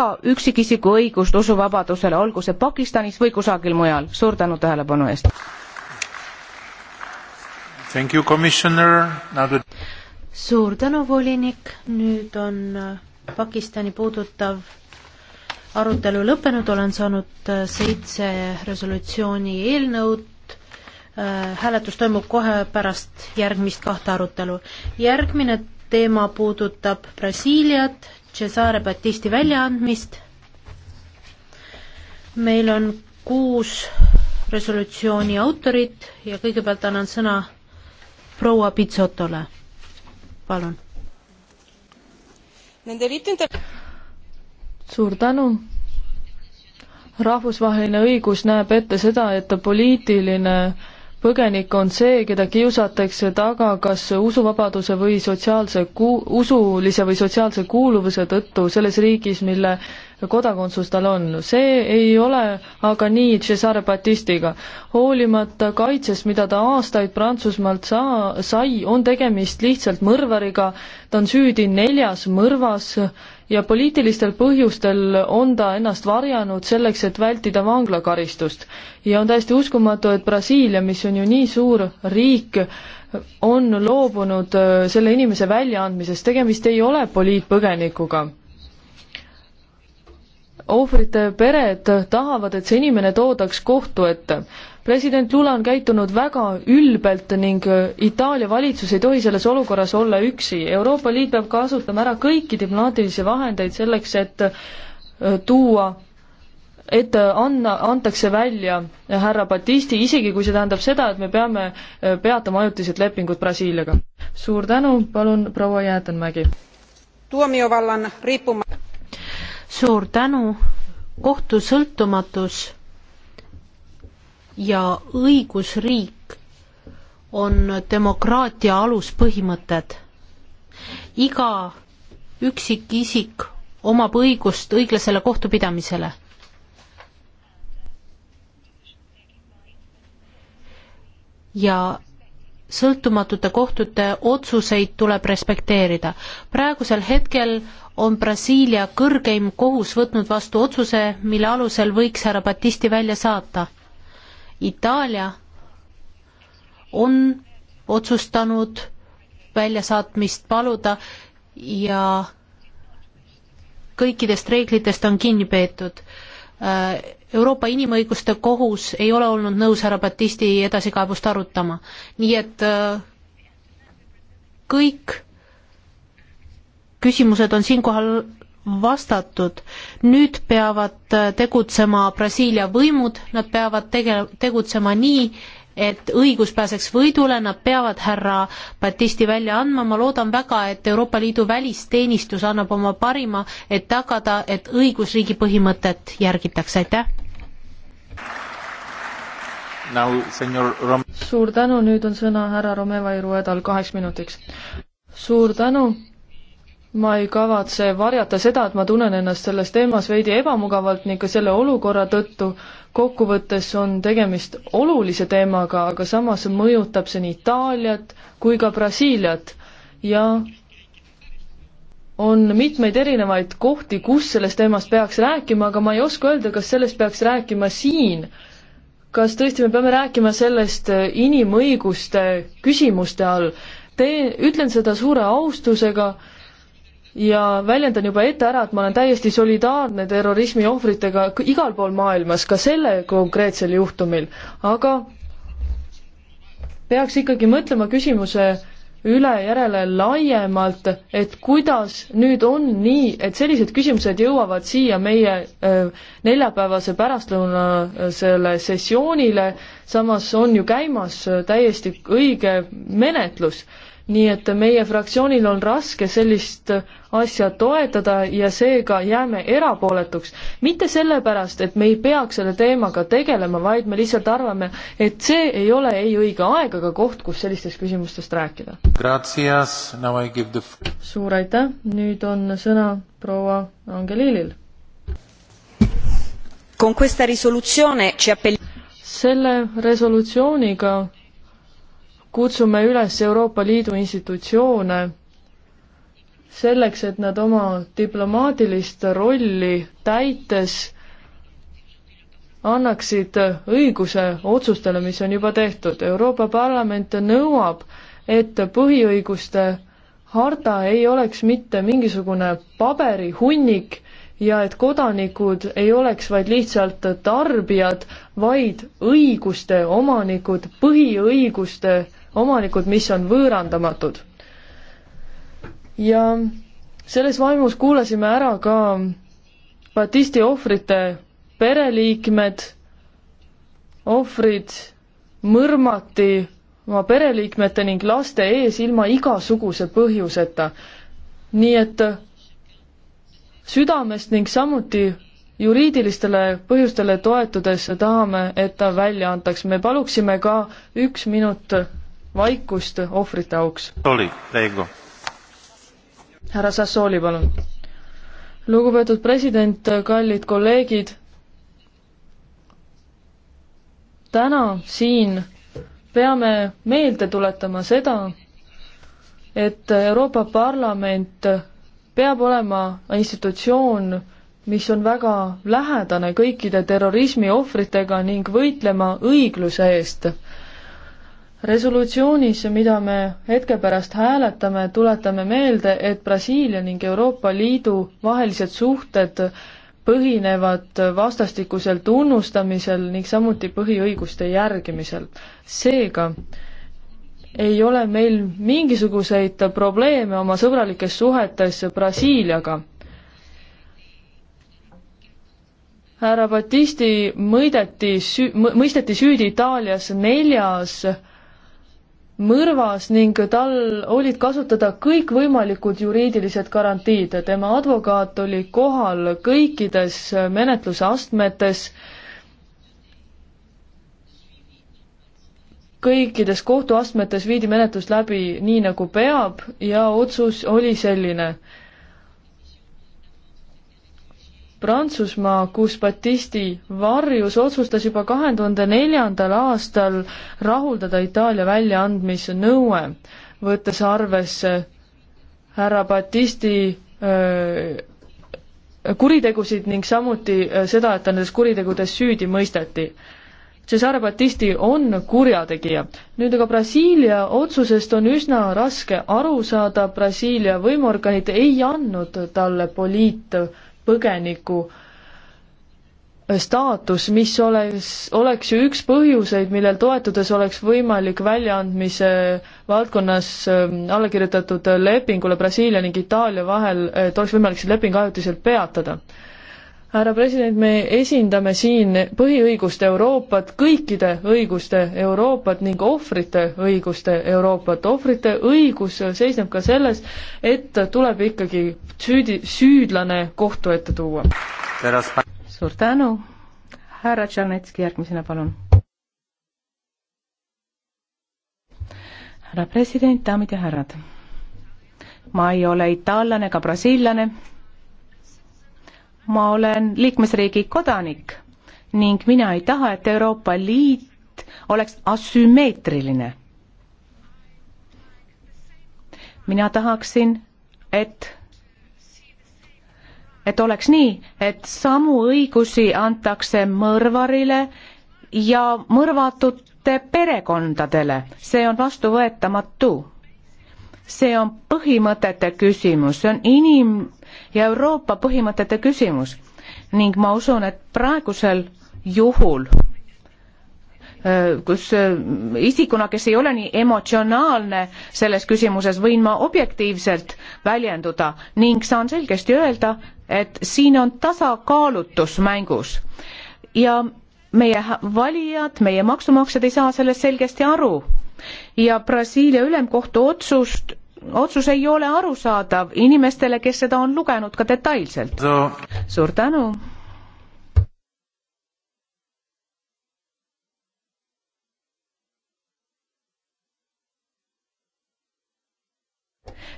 iga üksikisiku õigust usuvabadusele, olgu see Pakistanis või kusagil mujal. suur tänu tähelepanu eest. The... suur tänu, volinik, nüüd on äh, Pakistani puudutav arutelu lõppenud, olen saanud äh, seitse resolutsiooni eelnõud, äh, hääletus toimub kohe pärast järgmist kahte arutelu. järgmine teema puudutab Brasiiliat, Cesare Battisti väljaandmist. meil on kuus resolutsiooni autorit ja kõigepealt annan sõna proua Pitsotole, palun. suur tänu. rahvusvaheline õigus näeb ette seda, et poliitiline põgenik on see, keda kiusatakse taga kas usuvabaduse või sotsiaalse ku-, usulise või sotsiaalse kuuluvuse tõttu selles riigis, mille kodakondsus tal on. see ei ole aga nii Cesare Battistiga. hoolimata kaitsest, mida ta aastaid Prantsusmaalt saa-, sai, on tegemist lihtsalt mõrvariga, ta on süüdi neljas mõrvas ja poliitilistel põhjustel on ta ennast varjanud selleks, et vältida vanglakaristust. ja on täiesti uskumatu, et Brasiilia, mis on ju nii suur riik, on loobunud äh, selle inimese väljaandmisest, tegemist ei ole poliitpõgenikuga ohvrite pered tahavad, et see inimene toodaks kohtu ette. president Lula on käitunud väga ülbelt ning Itaalia valitsus ei tohi selles olukorras olla üksi. Euroopa Liit peab kasutama ära kõiki diplomaatilisi vahendeid selleks, et äh, tuua et äh, anna, antakse välja härra Batisti, isegi kui see tähendab seda, et me peame äh, peatama ajutised lepingud Brasiiliaga. suur tänu, palun proua Jäätenmägi. tuomiovallan riippuma- suur tänu, kohtu sõltumatus ja õigusriik on demokraatia aluspõhimõtted. iga üksikisik omab õigust õiglasele kohtupidamisele. ja sõltumatute kohtute otsuseid tuleb respekteerida. praegusel hetkel on Brasiilia kõrgeim kohus võtnud vastu otsuse, mille alusel võiks härra Batisti välja saata. Itaalia on otsustanud väljasaatmist paluda ja kõikidest reeglitest on kinni peetud Äh, Euroopa Inimõiguste Kohus ei ole olnud nõus härra Batisti edasikaebust arutama, nii et äh, kõik küsimused on siinkohal vastatud. nüüd peavad äh, tegutsema Brasiilia võimud, nad peavad tege-, tegutsema nii, et õigus pääseks võidule, nad peavad härra Batisti välja andma, ma loodan väga, et Euroopa Liidu välisteenistus annab oma parima, et tagada, et õigusriigi põhimõtet järgitakse, aitäh! Now, suur tänu, nüüd on sõna härra Romeva Iruedal kaheks minutiks. suur tänu! ma ei kavatse varjata seda, et ma tunnen ennast selles teemas veidi ebamugavalt ning ka selle olukorra tõttu. kokkuvõttes on tegemist olulise teemaga, aga samas mõjutab see nii Itaaliat kui ka Brasiiliat ja on mitmeid erinevaid kohti, kus sellest teemast peaks rääkima, aga ma ei oska öelda, kas sellest peaks rääkima siin. kas tõesti me peame rääkima sellest inimõiguste küsimuste all? Tee, ütlen seda suure austusega ja väljendan juba ette ära, et ma olen täiesti solidaarne terrorismi ohvritega igal pool maailmas, ka selle konkreetsel juhtumil, aga peaks ikkagi mõtlema küsimuse üle järele laiemalt, et kuidas nüüd on nii, et sellised küsimused jõuavad siia meie äh, neljapäevase pärastlõunasele sessioonile, samas on ju käimas täiesti õige menetlus nii et meie fraktsioonil on raske sellist asja toetada ja seega jääme erapooletuks. mitte sellepärast, et me ei peaks selle teemaga tegelema, vaid me lihtsalt arvame, et see ei ole ei õige aeg ega koht, kus sellistest küsimustest rääkida. The... suur aitäh, nüüd on sõna proua Angelilil. selle resolutsiooniga kutsume üles Euroopa Liidu institutsioone selleks, et nad oma diplomaatilist rolli täites annaksid õiguse otsustele, mis on juba tehtud. Euroopa Parlament nõuab, et põhiõiguste harta ei oleks mitte mingisugune paberihunnik ja et kodanikud ei oleks vaid lihtsalt tarbijad, vaid õiguste omanikud, põhiõiguste omanikud, mis on võõrandamatud. ja selles vaimus kuulasime ära ka Batisti ohvrite pereliikmed, ohvrid mõrmati oma pereliikmete ning laste ees ilma igasuguse põhjuseta. nii et südamest ning samuti juriidilistele põhjustele toetudes tahame, et ta välja antaks. me paluksime ka üks minut vaikust ohvrite auks. oli, Reigo. härra Sassooli, palun. lugupeetud president, kallid kolleegid, täna siin peame meelde tuletama seda, et Euroopa Parlament peab olema institutsioon, mis on väga lähedane kõikide terrorismi ohvritega ning võitlema õigluse eest resolutsioonis, mida me hetke pärast hääletame, tuletame meelde, et Brasiilia ning Euroopa Liidu vahelised suhted põhinevad vastastikusel tunnustamisel ning samuti põhiõiguste järgimisel. seega ei ole meil mingisuguseid probleeme oma sõbralikes suhetes Brasiiliaga. härra Batisti mõideti süü-, mõisteti süüdi Itaalias neljas mõrvas ning tal olid kasutada kõikvõimalikud juriidilised garantiid. tema advokaat oli kohal kõikides menetluse astmetes, kõikides kohtuastmetes viidi menetlus läbi nii, nagu peab ja otsus oli selline Prantsusmaa, kus Batisti varjus, otsustas juba kahe tuhande neljandal aastal rahuldada Itaalia väljaandmise nõue, võttes arvesse härra Batisti öö, äh, kuritegusid ning samuti äh, seda, et ta nendes kuritegudes süüdi mõisteti. Cesare Battisti on kurjategija. nüüd aga Brasiilia otsusest on üsna raske aru saada, Brasiilia võimuorganid ei andnud talle poliit- põgeniku staatus, mis oleks, oleks ju üks põhjuseid, millel toetudes oleks võimalik väljaandmise valdkonnas ähm, alla kirjutatud lepingule Brasiilia ning Itaalia vahel, et oleks võimalik see leping ajutiselt peatada härra president, me esindame siin põhiõiguste Euroopat, kõikide õiguste Euroopat ning ohvrite õiguste Euroopat. ohvrite õigus seisneb ka selles, et tuleb ikkagi süüdi, süüdlane kohtu ette tuua. suur tänu, härra Tšernetski, järgmisena palun. härra president, daamid ja härrad. ma ei ole itaallane ega brasiillane ma olen liikmesriigi kodanik ning mina ei taha, et Euroopa Liit oleks asümmeetriline. mina tahaksin, et, et oleks nii, et samu õigusi antakse mõrvarile ja mõrvatute perekondadele, see on vastuvõetamatu. see on põhimõtete küsimus, see on inim-, ja Euroopa põhimõtete küsimus ning ma usun, et praegusel juhul kus isikuna, kes ei ole nii emotsionaalne selles küsimuses, võin ma objektiivselt väljenduda ning saan selgesti öelda, et siin on tasakaalutus mängus. ja meie valijad, meie maksumaksjad ei saa sellest selgesti aru. ja Brasiilia ülemkohtu otsust otsus ei ole arusaadav inimestele, kes seda on lugenud ka detailselt no.. suur tänu.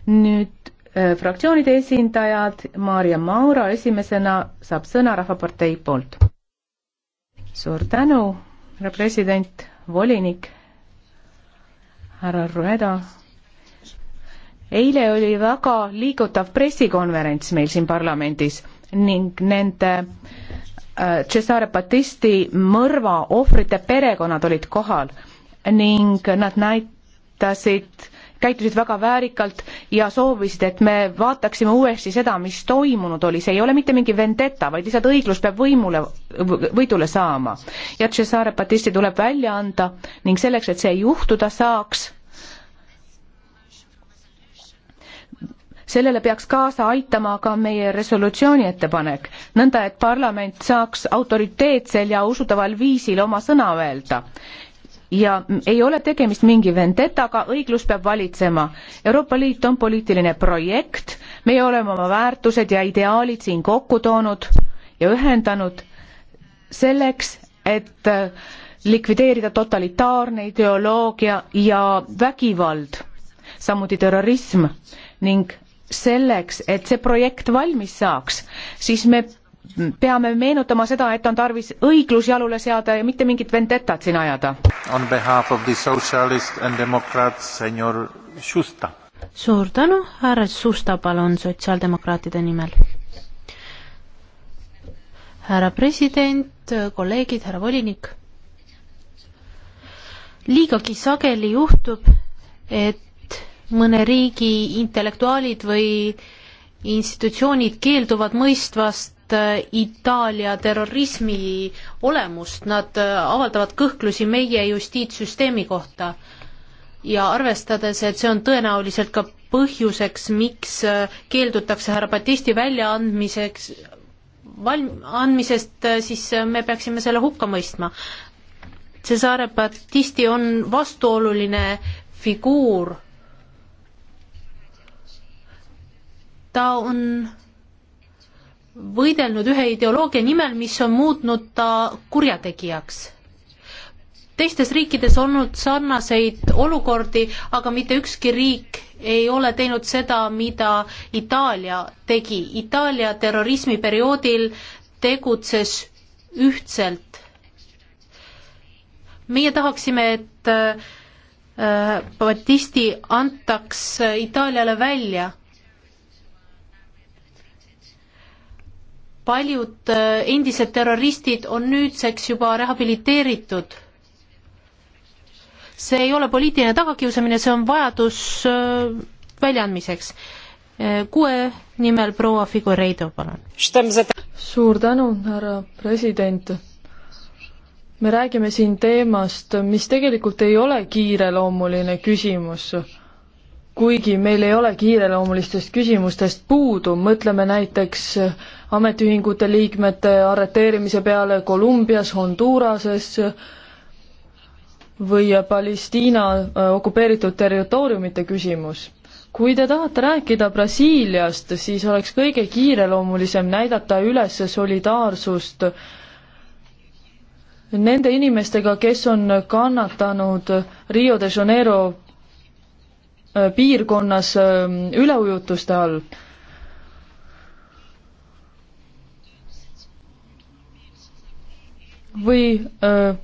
nüüd äh, fraktsioonide esindajad, Maarja Maura esimesena saab sõna Rahvapartei poolt. suur tänu, härra president, volinik, härra Rueda eile oli väga liigutav pressikonverents meil siin parlamendis ning nende äh, Cesare Battisti mõrva ohvrite perekonnad olid kohal ning nad näitasid, käitusid väga väärikalt ja soovisid, et me vaataksime uuesti seda, mis toimunud oli, see ei ole mitte mingi vendeta, vaid lihtsalt õiglus peab võimule, võidule saama. ja Cesare Battisti tuleb välja anda ning selleks, et see juhtuda saaks, sellele peaks kaasa aitama ka meie resolutsiooni ettepanek, nõnda et parlament saaks autoriteetsel ja usutaval viisil oma sõna öelda ja ei ole tegemist mingi vendetaga, õiglus peab valitsema. Euroopa Liit on poliitiline projekt, meie oleme oma väärtused ja ideaalid siin kokku toonud ja ühendanud selleks, et äh, likvideerida totalitaarne ideoloogia ja vägivald, samuti terrorism ning selleks, et see projekt valmis saaks, siis me peame meenutama seda, et on tarvis õiglus jalule seada ja mitte mingit vendetat siin ajada. On behalf of the socialist and democrats, senor Šusta. suur tänu, härra Šusta, palun sotsiaaldemokraatide nimel. härra president, kolleegid, härra volinik. liigagi sageli juhtub, et mõne riigi intellektuaalid või institutsioonid keelduvad mõistvast äh, Itaalia terrorismi olemust, nad äh, avaldavad kõhklusi meie justiitssüsteemi kohta. ja arvestades, et see on tõenäoliselt ka põhjuseks, miks äh, keeldutakse härra Batisti väljaandmiseks, valm-, andmisest, siis me peaksime selle hukka mõistma. Cesare Battisti on vastuoluline figuur ta on võidelnud ühe ideoloogia nimel, mis on muutnud ta kurjategijaks. teistes riikides olnud sarnaseid olukordi, aga mitte ükski riik ei ole teinud seda, mida Itaalia tegi. Itaalia terrorismiperioodil tegutses ühtselt. meie tahaksime, et äh, Batisti antaks Itaaliale välja paljud äh, endised terroristid on nüüdseks juba rehabiliteeritud. see ei ole poliitiline tagakiusamine, see on vajadus äh, väljaandmiseks. Äh, kuue nimel proua Figureido, palun. suur tänu, härra president. me räägime siin teemast, mis tegelikult ei ole kiireloomuline küsimus kuigi meil ei ole kiireloomulistest küsimustest puudu, mõtleme näiteks äh, ametiühingute liikmete arreteerimise peale Kolumbias, Honduras'es või Palestiina äh, okupeeritud territooriumite küsimus. kui te tahate rääkida Brasiiliast, siis oleks kõige kiireloomulisem näidata üles solidaarsust nende inimestega, kes on kannatanud Rio de Janeiro äh, piirkonnas ähm, üleujutuste all või öö, äh,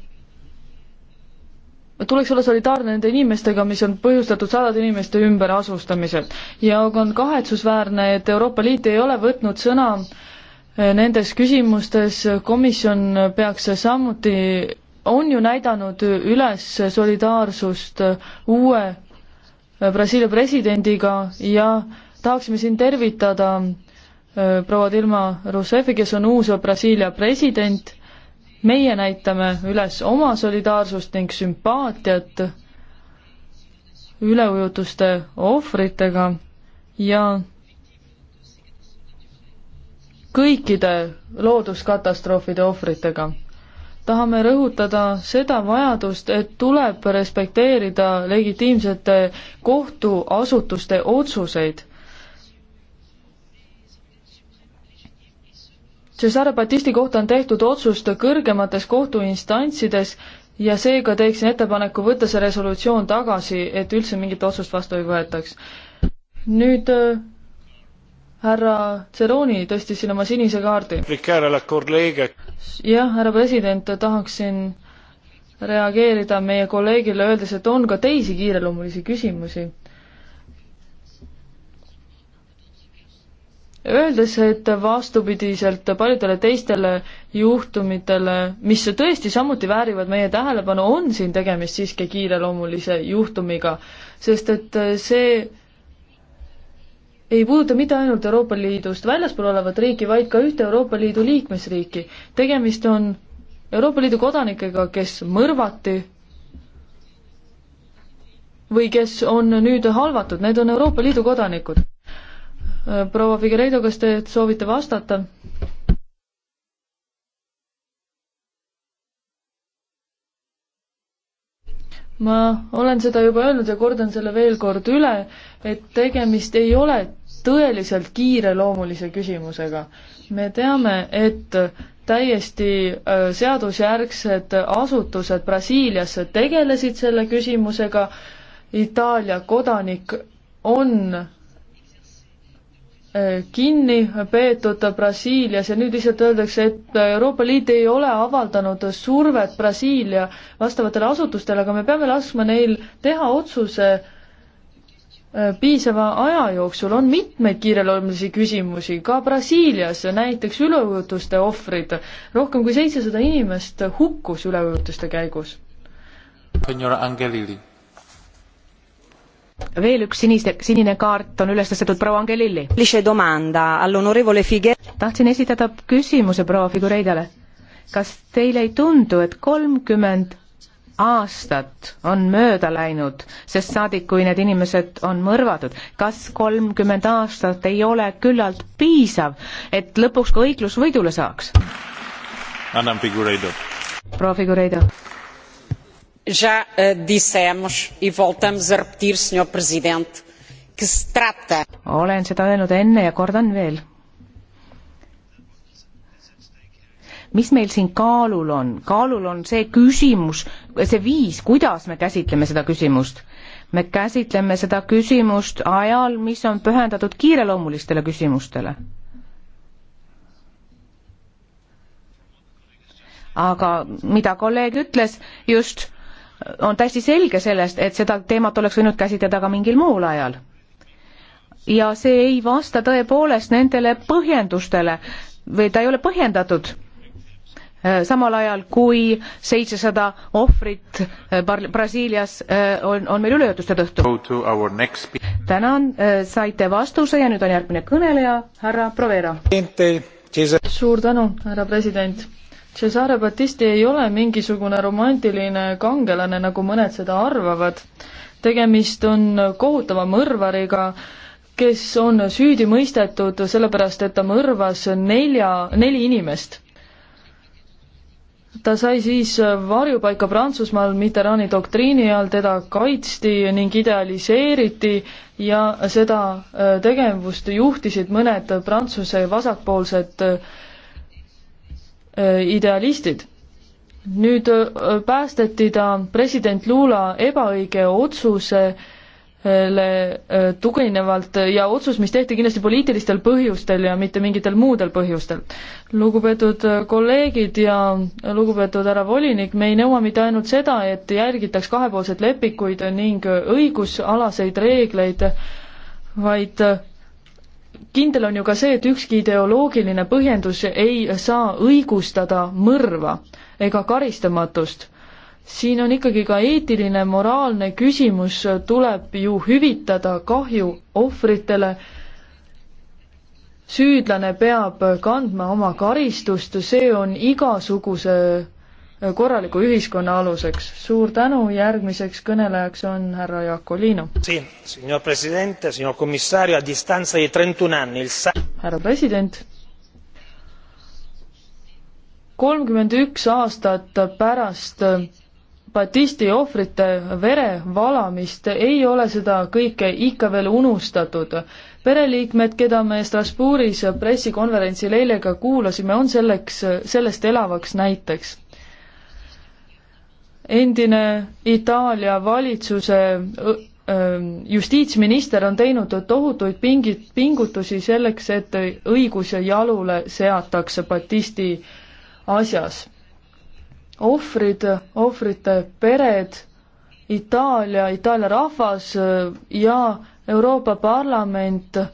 tuleks olla solidaarne nende inimestega, mis on põhjustatud sadade inimeste ümberasustamiselt. ja on kahetsusväärne, et Euroopa Liit ei ole võtnud sõna äh, nendes küsimustes, komisjon peaks samuti, on ju näidanud üles solidaarsust äh, uue Brasiilia presidendiga ja tahaksime siin tervitada proua Dilma Roussefi, kes on uus Brasiilia president meie näitame üles oma solidaarsust ning sümpaatiat üleujutuste ohvritega ja kõikide looduskatastroofide ohvritega. tahame rõhutada seda vajadust, et tuleb respekteerida legitiimsete kohtuasutuste otsuseid Cesare Battisti kohta on tehtud otsust kõrgemates kohtuinstantsides ja seega teeksin ettepaneku võtta see resolutsioon tagasi, et üldse mingit otsust vastu ei võetaks. nüüd äh, härra Ceroni tõstis siin oma sinise kaardi. jah, härra president, tahaksin reageerida meie kolleegile, öeldes, et on ka teisi kiireloomulisi küsimusi öeldes, et vastupidiselt paljudele teistele juhtumitele, mis tõesti samuti väärivad meie tähelepanu, on siin tegemist siiski kiireloomulise juhtumiga, sest et see ei puuduta mitte ainult Euroopa Liidust väljaspool olevat riiki, vaid ka ühte Euroopa Liidu liikmesriiki. tegemist on Euroopa Liidu kodanikega, kes mõrvati või kes on nüüd halvatud, need on Euroopa Liidu kodanikud Äh, proua Figueiredo, kas te soovite vastata? ma olen seda juba öelnud ja kordan selle veel kord üle, et tegemist ei ole tõeliselt kiireloomulise küsimusega. me teame, et täiesti äh, seadusjärgsed asutused Brasiilias tegelesid selle küsimusega, Itaalia kodanik on Eh, kinni peetud Brasiilias ja nüüd lihtsalt öeldakse, et Euroopa Liit ei ole avaldanud survet Brasiilia vastavatele asutustele, aga me peame laskma neil teha otsuse eh, piisava aja jooksul, on mitmeid kiireloomulisi küsimusi, ka Brasiilias näiteks üleujutuste ohvrid, rohkem kui seitsesada inimest hukkus üleujutuste käigus. senor Angelili veel üks sinise, sinine kaart on üles tõstetud proua Angelilli. tahtsin esitada küsimuse proua Figureidale. kas teile ei tundu, et kolmkümmend aastat on mööda läinud, sest saadik, kui need inimesed on mõrvatud, kas kolmkümmend aastat ei ole küllalt piisav, et lõpuks ka õiglus võidule saaks? annan Figureido. proua Figureido já eh, dissemos e voltamos a repetir, senhor presidente, que se trata. olen seda öelnud enne ja kordan veel. mis meil siin kaalul on, kaalul on see küsimus, see viis, kuidas me käsitleme seda küsimust. me käsitleme seda küsimust ajal, mis on pühendatud kiireloomulistele küsimustele aga mida kolleeg ütles just, on täiesti selge sellest, et seda teemat oleks võinud käsitleda ka mingil muul ajal. ja see ei vasta tõepoolest nendele põhjendustele või ta ei ole põhjendatud samal ajal kui seitsesada ohvrit eh, Brasiilias eh, on, on meil üleujutuste tõttu. tänan, eh, saite vastuse ja nüüd on järgmine kõneleja, härra Provera. suur tänu, härra president Cesare Battisti ei ole mingisugune romantiline kangelane, nagu mõned seda arvavad. tegemist on kohutava mõrvariga, kes on süüdi mõistetud sellepärast, et ta mõrvas nelja, neli inimest. ta sai siis varjupaika Prantsusmaal Mitterrandi doktriini all, teda kaitsti ning idealiseeriti ja seda tegevust juhtisid mõned Prantsuse vasakpoolsed Äh, idealistid. nüüd äh, päästeti ta president Lula ebaõige otsuse le äh, tuginevalt ja otsus, mis tehti kindlasti poliitilistel põhjustel ja mitte mingitel muudel põhjustel. lugupeetud kolleegid ja lugupeetud härra volinik, me ei nõua mitte ainult seda, et järgitaks kahepoolseid lepikuid ning õigusalaseid reegleid, vaid kindel on ju ka see, et ükski ideoloogiline põhjendus ei saa õigustada mõrva ega karistamatust. siin on ikkagi ka eetiline, moraalne küsimus, tuleb ju hüvitada kahju ohvritele, süüdlane peab kandma oma karistust, see on igasuguse korraliku ühiskonna aluseks. suur tänu, järgmiseks kõnelejaks on härra Jakolino. härra president, kolmkümmend üks aastat pärast Batisti ohvrite vere valamist ei ole seda kõike ikka veel unustatud. pereliikmed, keda me Strasbourgis pressikonverentsil eile ka kuulasime, on selleks, sellest elavaks näiteks endine Itaalia valitsuse justiitsminister on teinud tohutuid pingid, pingutusi selleks, et õigus jalule seatakse Batisti asjas. ohvrid, ohvrite pered, Itaalia, Itaalia rahvas ja Euroopa Parlament äh,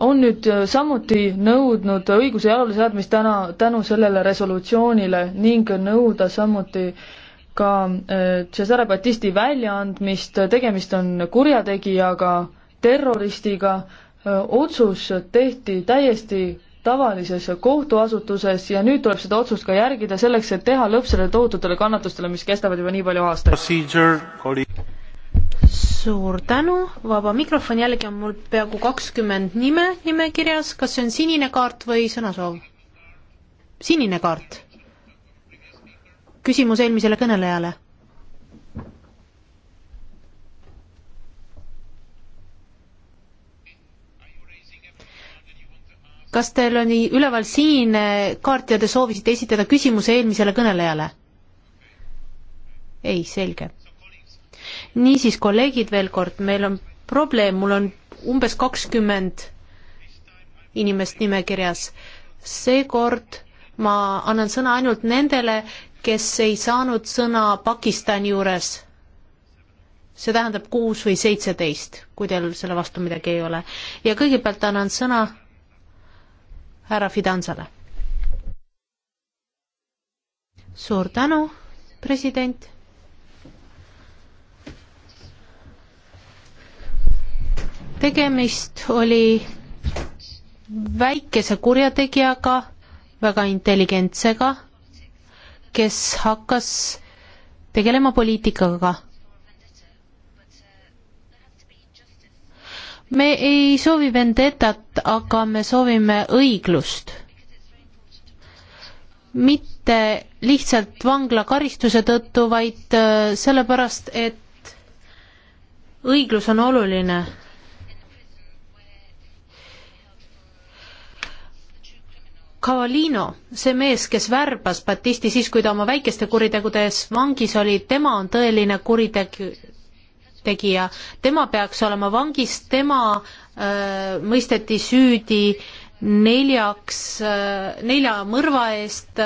on nüüd äh, samuti nõudnud õiguse jalule seadmist täna tänu sellele resolutsioonile ning nõuda samuti ka äh, Cesare Battisti väljaandmist, tegemist on kurjategijaga, terroristiga, äh, otsus tehti täiesti tavalises kohtuasutuses ja nüüd tuleb seda otsust ka järgida selleks, et teha lõpp sellele tohututele kannatustele, mis kestavad juba nii palju aastaid suur tänu, vaba mikrofon, jällegi on mul peaaegu kakskümmend nime nimekirjas, kas see on sinine kaart või sõnasoov? sinine kaart. küsimus eelmisele kõnelejale. kas teil oli üleval sinine kaart ja te soovisite esitada küsimuse eelmisele kõnelejale? ei, selge niisiis, kolleegid, veel kord, meil on probleem, mul on umbes kakskümmend inimest nimekirjas. seekord ma annan sõna ainult nendele, kes ei saanud sõna Pakistani juures. see tähendab kuus või seitseteist, kui teil selle vastu midagi ei ole. ja kõigepealt annan sõna härra Fidanzale. suur tänu, president tegemist oli väikese kurjategijaga, väga intelligentsega, kes hakkas tegelema poliitikaga. me ei soovi vendetat, aga me soovime õiglust. mitte lihtsalt vanglakaristuse tõttu, vaid äh, sellepärast, et õiglus on oluline Cavalino, see mees, kes värbas Batisti siis, kui ta oma väikeste kuritegude ees vangis oli, tema on tõeline kuritegija. tema peaks olema vangis, tema öö, äh, mõisteti süüdi neljaks, äh, nelja mõrva eest,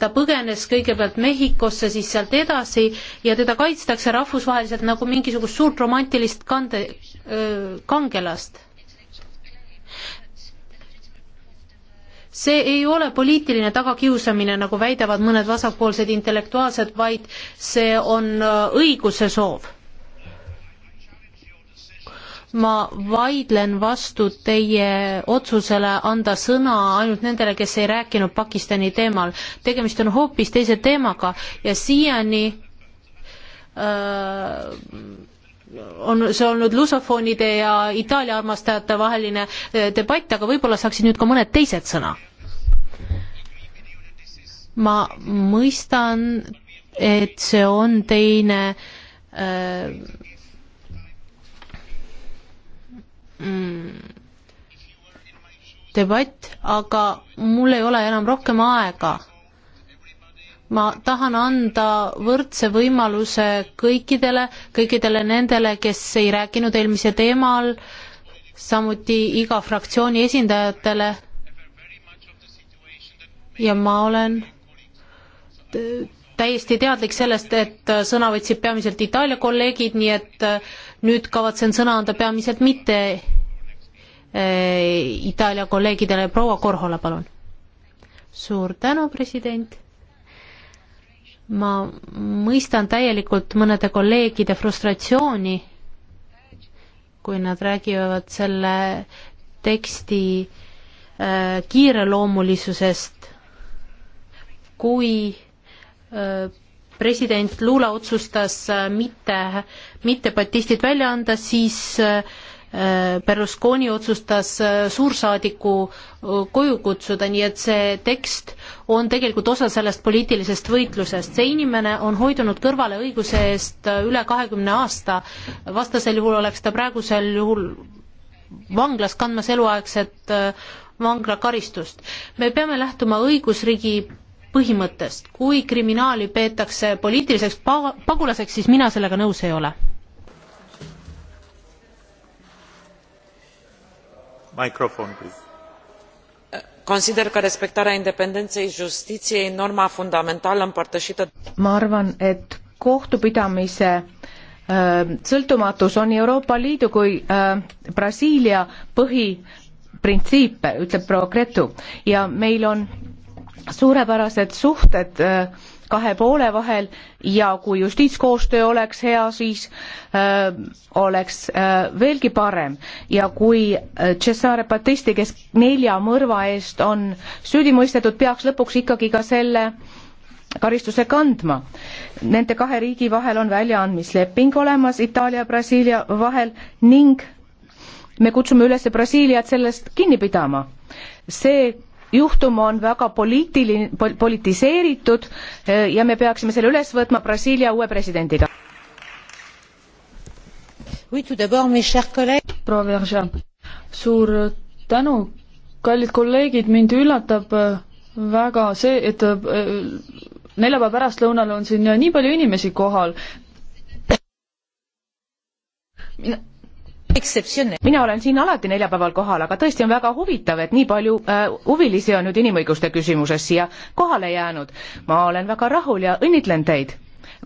ta põgenes kõigepealt Mehhikosse, siis sealt edasi ja teda kaitstakse rahvusvaheliselt nagu mingisugust suurt romantilist kande, äh, kangelast see ei ole poliitiline tagakiusamine, nagu väidavad mõned vasakpoolsed intellektuaalsed, vaid see on äh, õiguse soov. ma vaidlen vastu teie otsusele anda sõna ainult nendele, kes ei rääkinud Pakistani teemal. tegemist on hoopis teise teemaga ja siiani öö, äh, on see olnud lusofoonide ja Itaalia armastajate vaheline eh, debatt, aga võib-olla saaksid nüüd ka mõned teised sõna. ma mõistan, et see on teine äh, debatt, aga mul ei ole enam rohkem aega ma tahan anda võrdse võimaluse kõikidele, kõikidele nendele, kes ei rääkinud eelmise teemal, samuti iga fraktsiooni esindajatele. ja ma olen täiesti teadlik sellest, et sõna võtsid peamiselt Itaalia kolleegid, nii et äh, nüüd kavatsen sõna anda peamiselt mitte äh, Itaalia kolleegidele, proua Korhola, palun. suur tänu, president ma mõistan täielikult mõnede kolleegide frustratsiooni, kui nad räägivad selle teksti äh, kiireloomulisusest, kui äh, president Lula otsustas äh, mitte, mitte batistid välja anda, siis äh, Berlusconi otsustas äh, suursaadiku äh, koju kutsuda, nii et see tekst on tegelikult osa sellest poliitilisest võitlusest. see inimene on hoidunud kõrvale õiguse eest äh, üle kahekümne aasta, vastasel juhul oleks ta praegusel juhul vanglas kandmas eluaegset vanglakaristust. me peame lähtuma õigusriigi põhimõttest, kui kriminaali peetakse poliitiliseks pagulaseks, siis mina sellega nõus ei ole consider că respectarea independenței justiției e norma fundamentală împărtășită. ma arvan et kohtupidamise äh, sõltumatus on Euroopa Liidu kui äh, Brasiilia põhiprintsiipe, ütleb proua Gretu ja meil on suurepärased suhted äh, kahe poole vahel ja kui justiitskoostöö oleks hea, siis öö, äh, oleks öö, äh, veelgi parem. ja kui äh, Cesare Battisti, kes nelja mõrva eest on süüdi mõistetud, peaks lõpuks ikkagi ka selle karistuse kandma. Nende kahe riigi vahel on väljaandmisleping olemas Itaalia ja Brasiilia vahel ning me kutsume üles Brasiiliat sellest kinni pidama. see juhtum on väga poliitiline, politiseeritud eh, ja me peaksime selle üles võtma Brasiilia uue presidendiga. proua Verja, suur tänu, kallid kolleegid, mind üllatab eh, väga see, et eh, neljapäeva pärastlõunal on siin nii palju inimesi kohal. mina mina olen siin alati neljapäeval kohal, aga tõesti on väga huvitav, et nii palju äh, huvilisi on nüüd inimõiguste küsimuses siia kohale jäänud. ma olen väga rahul ja õnnitlen teid.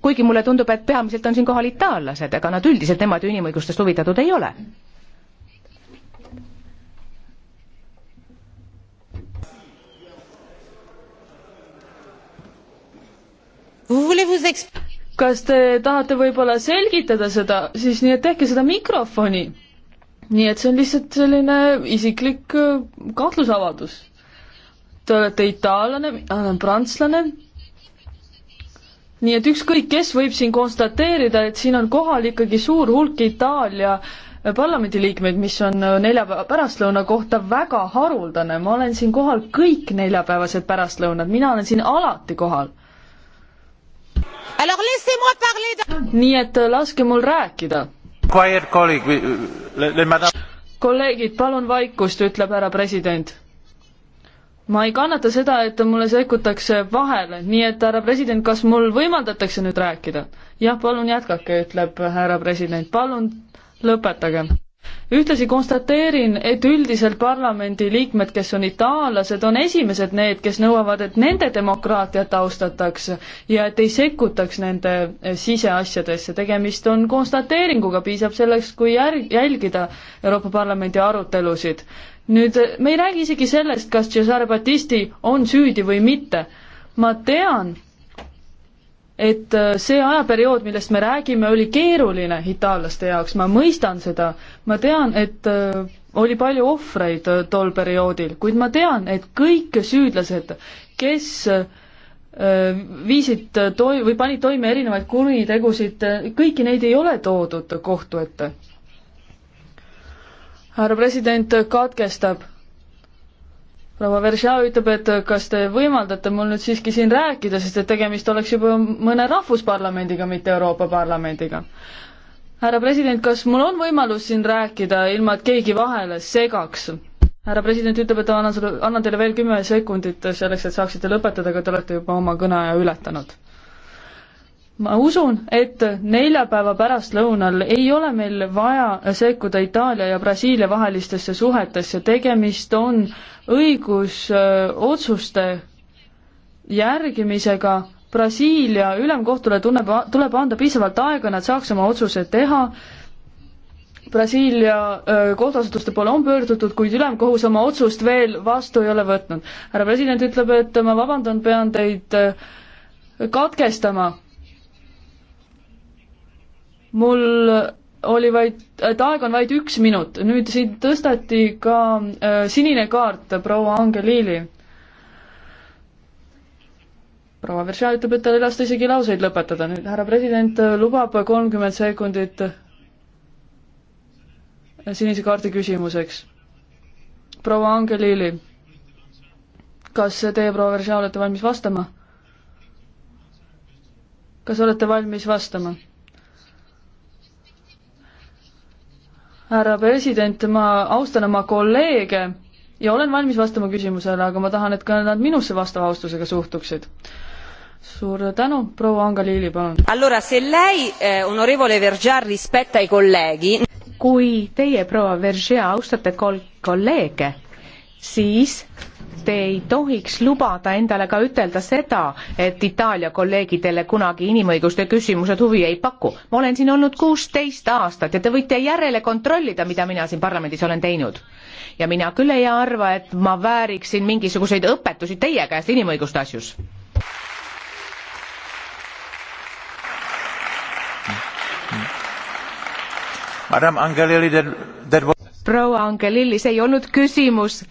kuigi mulle tundub, et peamiselt on siin kohal itaallased, ega nad üldiselt nemad ju inimõigustest huvitatud ei ole. Vous voulez vous exp- kas te tahate võib-olla selgitada seda, siis nii et tehke seda mikrofoni. nii et see on lihtsalt selline isiklik äh, kahtlusavaldus. Te olete itaallane, mina olen prantslane. nii et ükskõik, kes võib siin konstateerida, et siin on kohal ikkagi suur hulk Itaalia äh, parlamendiliikmeid, mis on äh, neljapäeva pärastlõuna kohta väga haruldane, ma olen siin kohal kõik neljapäevased pärastlõunad, mina olen siin alati kohal nii et äh, laske mul rääkida. Uh, kolleegid, palun vaikust, ütleb härra president. ma ei kannata seda, et mulle sekkutakse vahele, nii et härra president, kas mul võimaldatakse nüüd rääkida? jah, palun jätkake, ütleb härra president, palun lõpetage ühtlasi konstateerin, et üldiselt parlamendi liikmed, kes on itaallased, on esimesed need, kes nõuavad, et nende demokraatiat austataks ja et ei sekkutaks nende eh, siseasjadesse. tegemist on konstateeringuga, piisab selleks, kui järg-, jälgida Euroopa Parlamendi arutelusid. nüüd eh, me ei räägi isegi sellest, kas Cesare Battisti on süüdi või mitte. ma tean, et äh, see ajaperiood, millest me räägime, oli keeruline itaallaste jaoks, ma mõistan seda, ma tean, et äh, oli palju ohvreid äh, tol perioodil, kuid ma tean, et kõik süüdlased, kes viisid toi- või panid toime erinevaid kuritegusid, kõiki neid ei ole toodud kohtu ette. härra president katkestab proua Veržea ütleb, et kas te võimaldate mul nüüd siiski siin rääkida, sest et tegemist oleks juba mõne rahvusparlamendiga, mitte Euroopa Parlamendiga. härra president, kas mul on võimalus siin rääkida, ilma et keegi vahele segaks? härra president ütleb, et annan sulle, annan teile veel kümme sekundit selleks, et saaksite lõpetada, aga te olete juba oma kõneaja ületanud ma usun, et neljapäeva pärastlõunal ei ole meil vaja sekkuda Itaalia ja Brasiilia vahelistesse suhetesse, tegemist on õigusotsuste järgimisega. Brasiilia ülemkohtule tunneb, tuleb anda piisavalt aega, nad saaks oma otsuse teha. Brasiilia kohtuasutuste poole on pöördutud, kuid ülemkohus oma otsust veel vastu ei ole võtnud. härra president ütleb, et ma vabandan, pean teid katkestama mul oli vaid, et aeg on vaid üks minut, nüüd siin tõsteti ka äh, sinine kaart proua Angelili. proua Veržea ütleb, et ta ei lasta isegi lauseid lõpetada, nüüd härra president lubab kolmkümmend sekundit sinise kaardi küsimuseks. proua Angelili, kas teie, proua Veržea, olete valmis vastama? kas olete valmis vastama? härra president, ma austan oma kolleege ja olen valmis vastama küsimusele, aga ma tahan, et ka nad minusse vastava austusega suhtuksid. suur tänu, proua Anga-Liili, palun. Allora, se lei eh,, onorevole Vergiar, rispetta i colleghi. kui teie, proua Vergiar, austate kol-, kolleege, siis te ei tohiks lubada endale ka ütelda seda, et Itaalia kolleegidele kunagi inimõiguste küsimused huvi ei paku. ma olen siin olnud kuusteist aastat ja te võite järele kontrollida, mida mina siin parlamendis olen teinud. ja mina küll ei arva, et ma vääriksin mingisuguseid õpetusi teie käest inimõiguste asjus. proua Angelilli, see ei olnud küsimus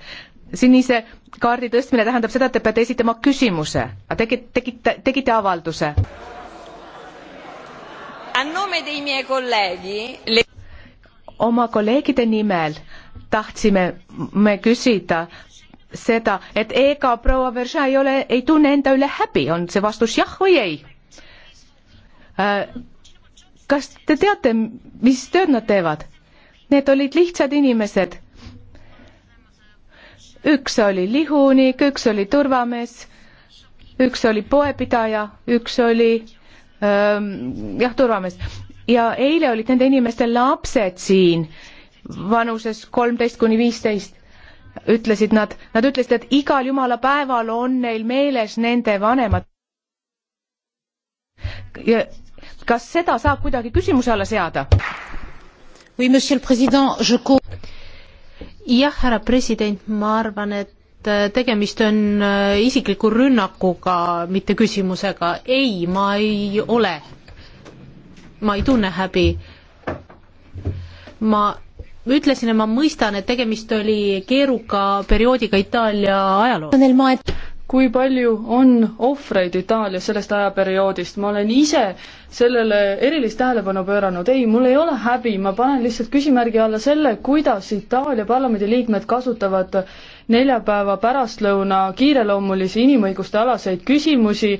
sinise kaardi tõstmine tähendab seda, et te peate esitama küsimuse, aga tegi, tegite, tegite avalduse. oma kolleegide nimel tahtsime me küsida seda, et ega proua Verža ei ole, ei tunne enda üle häbi, on see vastus jah või ei? Äh, kas te teate, mis tööd nad teevad? Need olid lihtsad inimesed üks oli lihunik, üks oli turvamees, üks oli poepidaja, üks oli ähm, jah, turvamees ja eile olid nende inimeste lapsed siin vanuses kolmteist kuni viisteist, ütlesid nad, nad ütlesid, et igal jumala päeval on neil meeles nende vanemad. ja kas seda saab kuidagi küsimuse alla seada? Oui, monsieur le président, je jah, härra president, ma arvan, et äh, tegemist on äh, isikliku rünnakuga, mitte küsimusega. ei, ma ei ole. ma ei tunne häbi. ma ütlesin ja ma mõistan, et tegemist oli keeruka perioodiga Itaalia ajaloos kui palju on ohvreid Itaalias sellest ajaperioodist, ma olen ise sellele erilist tähelepanu pööranud, ei, mul ei ole häbi, ma panen lihtsalt küsimärgi alla selle, kuidas Itaalia parlamendi liikmed kasutavad äh, neljapäeva pärastlõuna kiireloomulisi inimõiguste alaseid küsimusi,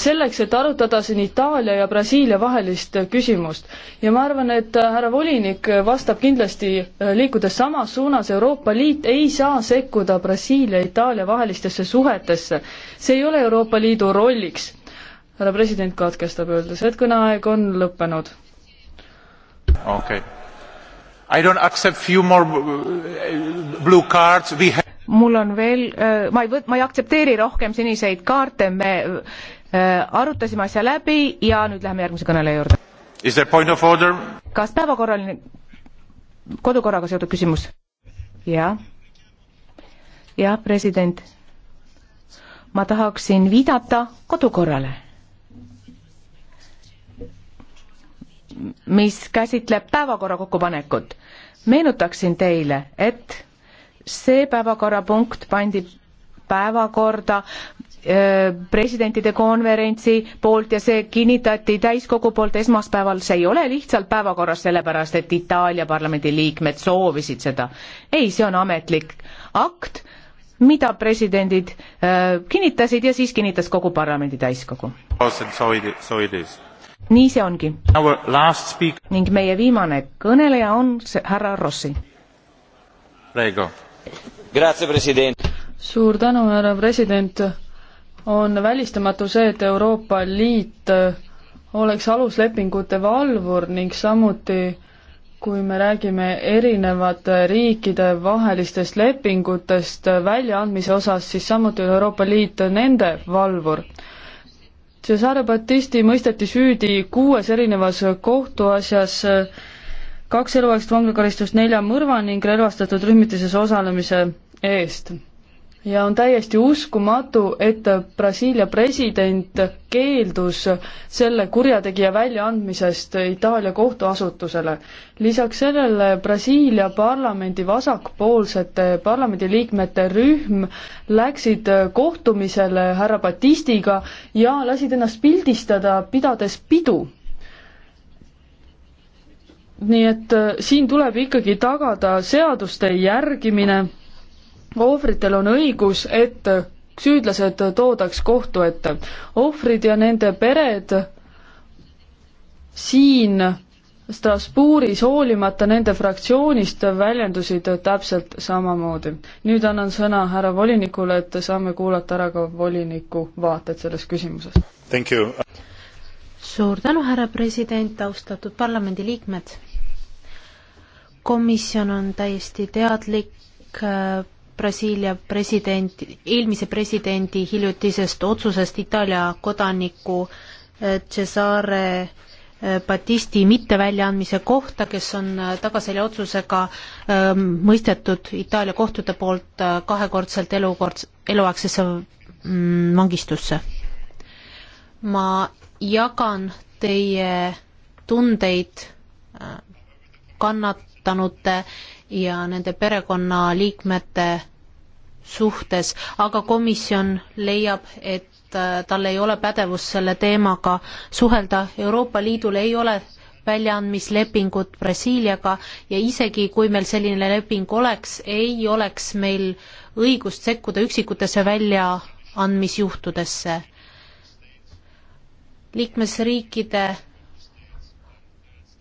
selleks, et arutada siin Itaalia ja Brasiilia vahelist küsimust. ja ma arvan, et härra volinik vastab kindlasti, äh, liikudes samas suunas, Euroopa Liit ei saa sekkuda Brasiilia ja Itaalia vahelistesse suhetesse. see ei ole Euroopa Liidu rolliks. härra president katkestab, öeldes, et kõneaeg on lõppenud. okei okay.. I don't accept few more uh, blue cards we have mul on veel, äh, ma ei võt-, ma ei aktsepteeri rohkem seniseid kaarte, me äh, arutasime asja läbi ja nüüd läheme järgmise kõneleja juurde. kas päevakorraline, kodukorraga seotud küsimus ja.? jah. jah, president. ma tahaksin viidata kodukorrale, mis käsitleb päevakorra kokkupanekut. meenutaksin teile, et see päevakorrapunkt pandi päevakorda äh, presidentide konverentsi poolt ja see kinnitati täiskogu poolt esmaspäeval, see ei ole lihtsalt päevakorras sellepärast, et Itaalia parlamendi liikmed soovisid seda. ei, see on ametlik akt, mida presidendid öö, äh, kinnitasid ja siis kinnitas kogu parlamendi täiskogu. nii see ongi. ning meie viimane kõneleja on härra Rossi. Prego suur tänu, härra president. on välistamatu see, et Euroopa Liit oleks aluslepingute valvur ning samuti kui me räägime erinevate riikide vahelistest lepingutest väljaandmise osas, siis samuti on Euroopa Liit nende valvur. Cesare Battisti mõisteti süüdi kuues erinevas kohtuasjas äh, kaks eluaegset vanglakaristust nelja mõrva ning relvastatud rühmituses osalemise eest. ja on täiesti uskumatu, et Brasiilia president keeldus selle kurjategija väljaandmisest Itaalia kohtuasutusele. lisaks sellele Brasiilia parlamendi vasakpoolsete parlamendiliikmete rühm läksid kohtumisele härra Batistiga ja lasid ennast pildistada, pidades pidu nii et äh, siin tuleb ikkagi tagada seaduste järgimine, ohvritel on õigus, et süüdlased toodaks kohtu ette. ohvrid ja nende pered siin Strasbourgis hoolimata nende fraktsioonist väljendusid täpselt samamoodi. nüüd annan sõna härra volinikule, et saame kuulata ära ka voliniku vaated selles küsimuses. suur tänu, härra president, austatud parlamendiliikmed komisjon on täiesti teadlik äh, Brasiilia president, eelmise presidendi hiljutisest otsusest Itaalia kodaniku äh, Cesare äh, Battisti mitteväljaandmise kohta, kes on tagaselja otsusega ähm, mõistetud Itaalia kohtute poolt kahekordselt elukord, eluaegsesse mm, vangistusse. ma jagan teie tundeid kannat-, kannatanute ja nende perekonnaliikmete suhtes, aga komisjon leiab, et äh, tal ei ole pädevust selle teemaga suhelda, Euroopa Liidul ei ole väljaandmislepingut Brasiiliaga ja isegi, kui meil selline leping oleks, ei oleks meil õigust sekkuda üksikutesse väljaandmisjuhtudesse. liikmesriikide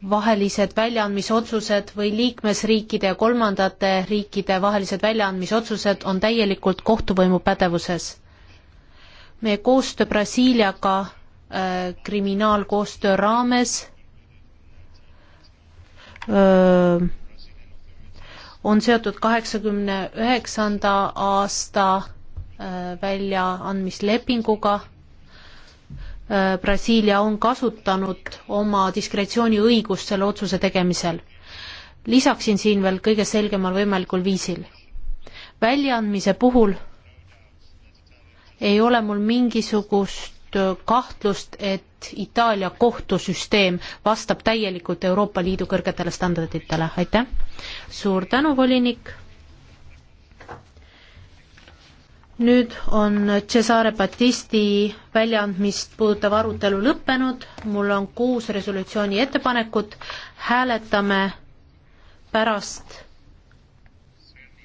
vahelised väljaandmisotsused või liikmesriikide ja kolmandate riikide vahelised väljaandmisotsused on täielikult kohtuvõimu pädevuses. meie koostöö Brasiiliaga äh, kriminaalkoostöö raames öö, äh, on seotud kaheksakümne üheksanda aasta äh, väljaandmislepinguga Äh, Brasiilia on kasutanud oma diskretsiooniõigust selle otsuse tegemisel. lisaksin siin veel kõige selgemal võimalikul viisil. väljaandmise puhul ei ole mul mingisugust kahtlust, et Itaalia kohtusüsteem vastab täielikult Euroopa Liidu kõrgetele standarditele, aitäh! suur tänu, volinik! nüüd on Cesare Battisti väljaandmist puudutav arutelu lõppenud, mul on kuus resolutsiooni ettepanekut, hääletame pärast